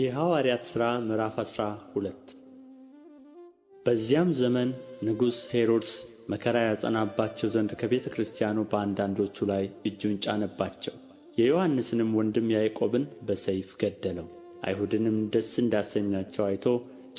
የሐዋርያት ሥራ ምዕራፍ አስራ ሁለት በዚያም ዘመን ንጉሥ ሄሮድስ መከራ ያጸናባቸው ዘንድ ከቤተ ክርስቲያኑ በአንዳንዶቹ ላይ እጁን ጫነባቸው። የዮሐንስንም ወንድም ያዕቆብን በሰይፍ ገደለው። አይሁድንም ደስ እንዳሰኛቸው አይቶ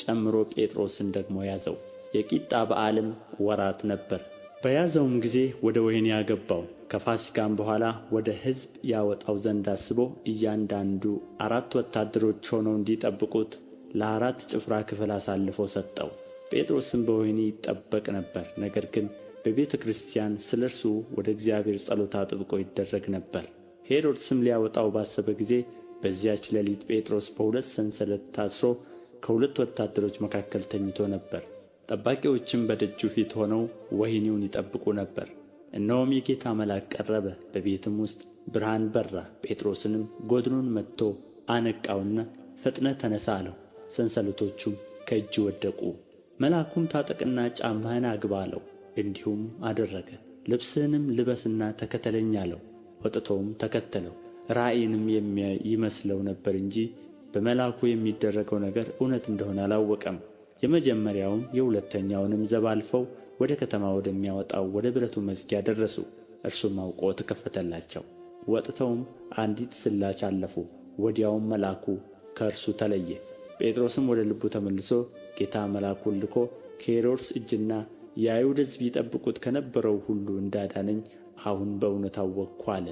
ጨምሮ ጴጥሮስን ደግሞ ያዘው። የቂጣ በዓልም ወራት ነበር። በያዘውም ጊዜ ወደ ወህኒ አገባው ከፋሲካም በኋላ ወደ ሕዝብ ያወጣው ዘንድ አስቦ እያንዳንዱ አራት ወታደሮች ሆነው እንዲጠብቁት ለአራት ጭፍራ ክፍል አሳልፎ ሰጠው። ጴጥሮስም በወህኒ ይጠበቅ ነበር። ነገር ግን በቤተ ክርስቲያን ስለ እርሱ ወደ እግዚአብሔር ጸሎት አጥብቆ ይደረግ ነበር። ሄሮድስም ሊያወጣው ባሰበ ጊዜ በዚያች ሌሊት ጴጥሮስ በሁለት ሰንሰለት ታስሮ ከሁለት ወታደሮች መካከል ተኝቶ ነበር። ጠባቂዎችም በደጁ ፊት ሆነው ወህኒውን ይጠብቁ ነበር እነሆም የጌታ መልአክ ቀረበ በቤትም ውስጥ ብርሃን በራ ጴጥሮስንም ጎድኑን መትቶ አነቃውና ፈጥነ ተነሣ አለው ሰንሰለቶቹም ከእጅ ወደቁ መልአኩም ታጠቅና ጫማህን አግባ አለው እንዲሁም አደረገ ልብስህንም ልበስና ተከተለኝ አለው ወጥቶም ተከተለው ራእይንም የሚያይ ይመስለው ነበር እንጂ በመልአኩ የሚደረገው ነገር እውነት እንደሆነ አላወቀም የመጀመሪያውን የሁለተኛውንም ዘብ አልፈው ወደ ከተማ ወደሚያወጣው ወደ ብረቱ መዝጊያ ደረሱ። እርሱም አውቆ ተከፈተላቸው። ወጥተውም አንዲት ስላች አለፉ። ወዲያውም መልአኩ ከእርሱ ተለየ። ጴጥሮስም ወደ ልቡ ተመልሶ ጌታ መልአኩን ልኮ ከሄሮድስ እጅና የአይሁድ ሕዝብ ይጠብቁት ከነበረው ሁሉ እንዳዳነኝ አሁን በእውነት አወቅኩ አለ።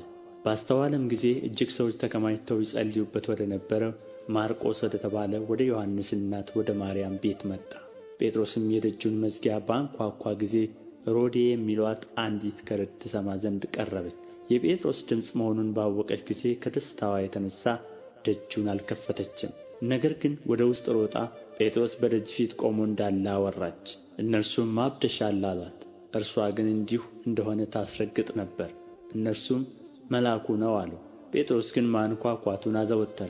ባስተዋለም ጊዜ እጅግ ሰዎች ተከማችተው ይጸልዩበት ወደ ነበረ ማርቆስ ወደ ተባለ ወደ ዮሐንስ እናት ወደ ማርያም ቤት መጣ። ጴጥሮስም የደጁን መዝጊያ ባንኳኳ ጊዜ ሮዴ የሚሏት አንዲት ገረድ ትሰማ ዘንድ ቀረበች። የጴጥሮስ ድምፅ መሆኑን ባወቀች ጊዜ ከደስታዋ የተነሳ ደጁን አልከፈተችም። ነገር ግን ወደ ውስጥ ሮጣ ጴጥሮስ በደጅ ፊት ቆሞ እንዳለ አወራች። እነርሱም አብደሻል አሏት። እርሷ ግን እንዲሁ እንደሆነ ታስረግጥ ነበር። እነርሱም መልአኩ ነው አሉ። ጴጥሮስ ግን ማንኳኳቱን አዘወተረ።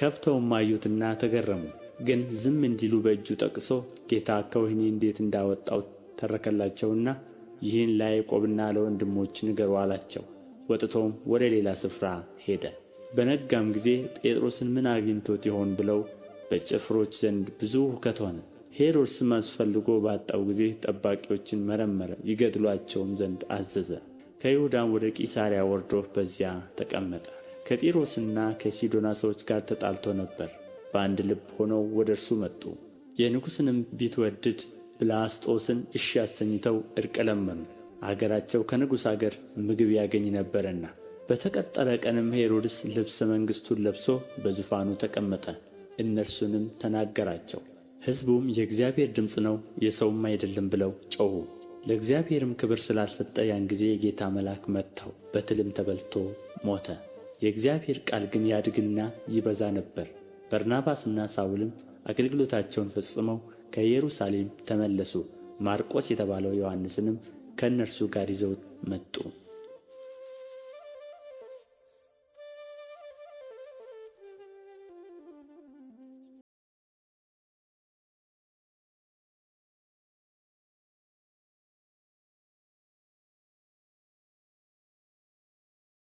ከፍተውም አዩትና ተገረሙ። ግን ዝም እንዲሉ በእጁ ጠቅሶ ጌታ ከወህኒ እንዴት እንዳወጣው ተረከላቸውና ይህን ለያዕቆብና ለወንድሞች ንገሩ አላቸው። ወጥቶም ወደ ሌላ ስፍራ ሄደ። በነጋም ጊዜ ጴጥሮስን ምን አግኝቶት ይሆን ብለው በጭፍሮች ዘንድ ብዙ ሁከት ሆነ። ሄሮድስም አስፈልጎ ባጣው ጊዜ ጠባቂዎችን መረመረ፣ ይገድሏቸውም ዘንድ አዘዘ። ከይሁዳም ወደ ቂሣርያ ወርዶ በዚያ ተቀመጠ ከጢሮስና ከሲዶና ሰዎች ጋር ተጣልቶ ነበር በአንድ ልብ ሆነው ወደ እርሱ መጡ የንጉሥንም ቢትወድድ ብላስጦስን እሺ አሰኝተው ዕርቅ ለመኑ አገራቸው ከንጉሥ አገር ምግብ ያገኝ ነበርና በተቀጠረ ቀንም ሄሮድስ ልብሰ መንግሥቱን ለብሶ በዙፋኑ ተቀመጠ እነርሱንም ተናገራቸው ሕዝቡም የእግዚአብሔር ድምፅ ነው የሰውም አይደለም ብለው ጮኹ ለእግዚአብሔርም ክብር ስላልሰጠ ያን ጊዜ የጌታ መልአክ መታው፣ በትልም ተበልቶ ሞተ። የእግዚአብሔር ቃል ግን ያድግና ይበዛ ነበር። በርናባስና ሳውልም አገልግሎታቸውን ፈጽመው ከኢየሩሳሌም ተመለሱ። ማርቆስ የተባለው ዮሐንስንም ከእነርሱ ጋር ይዘው መጡ።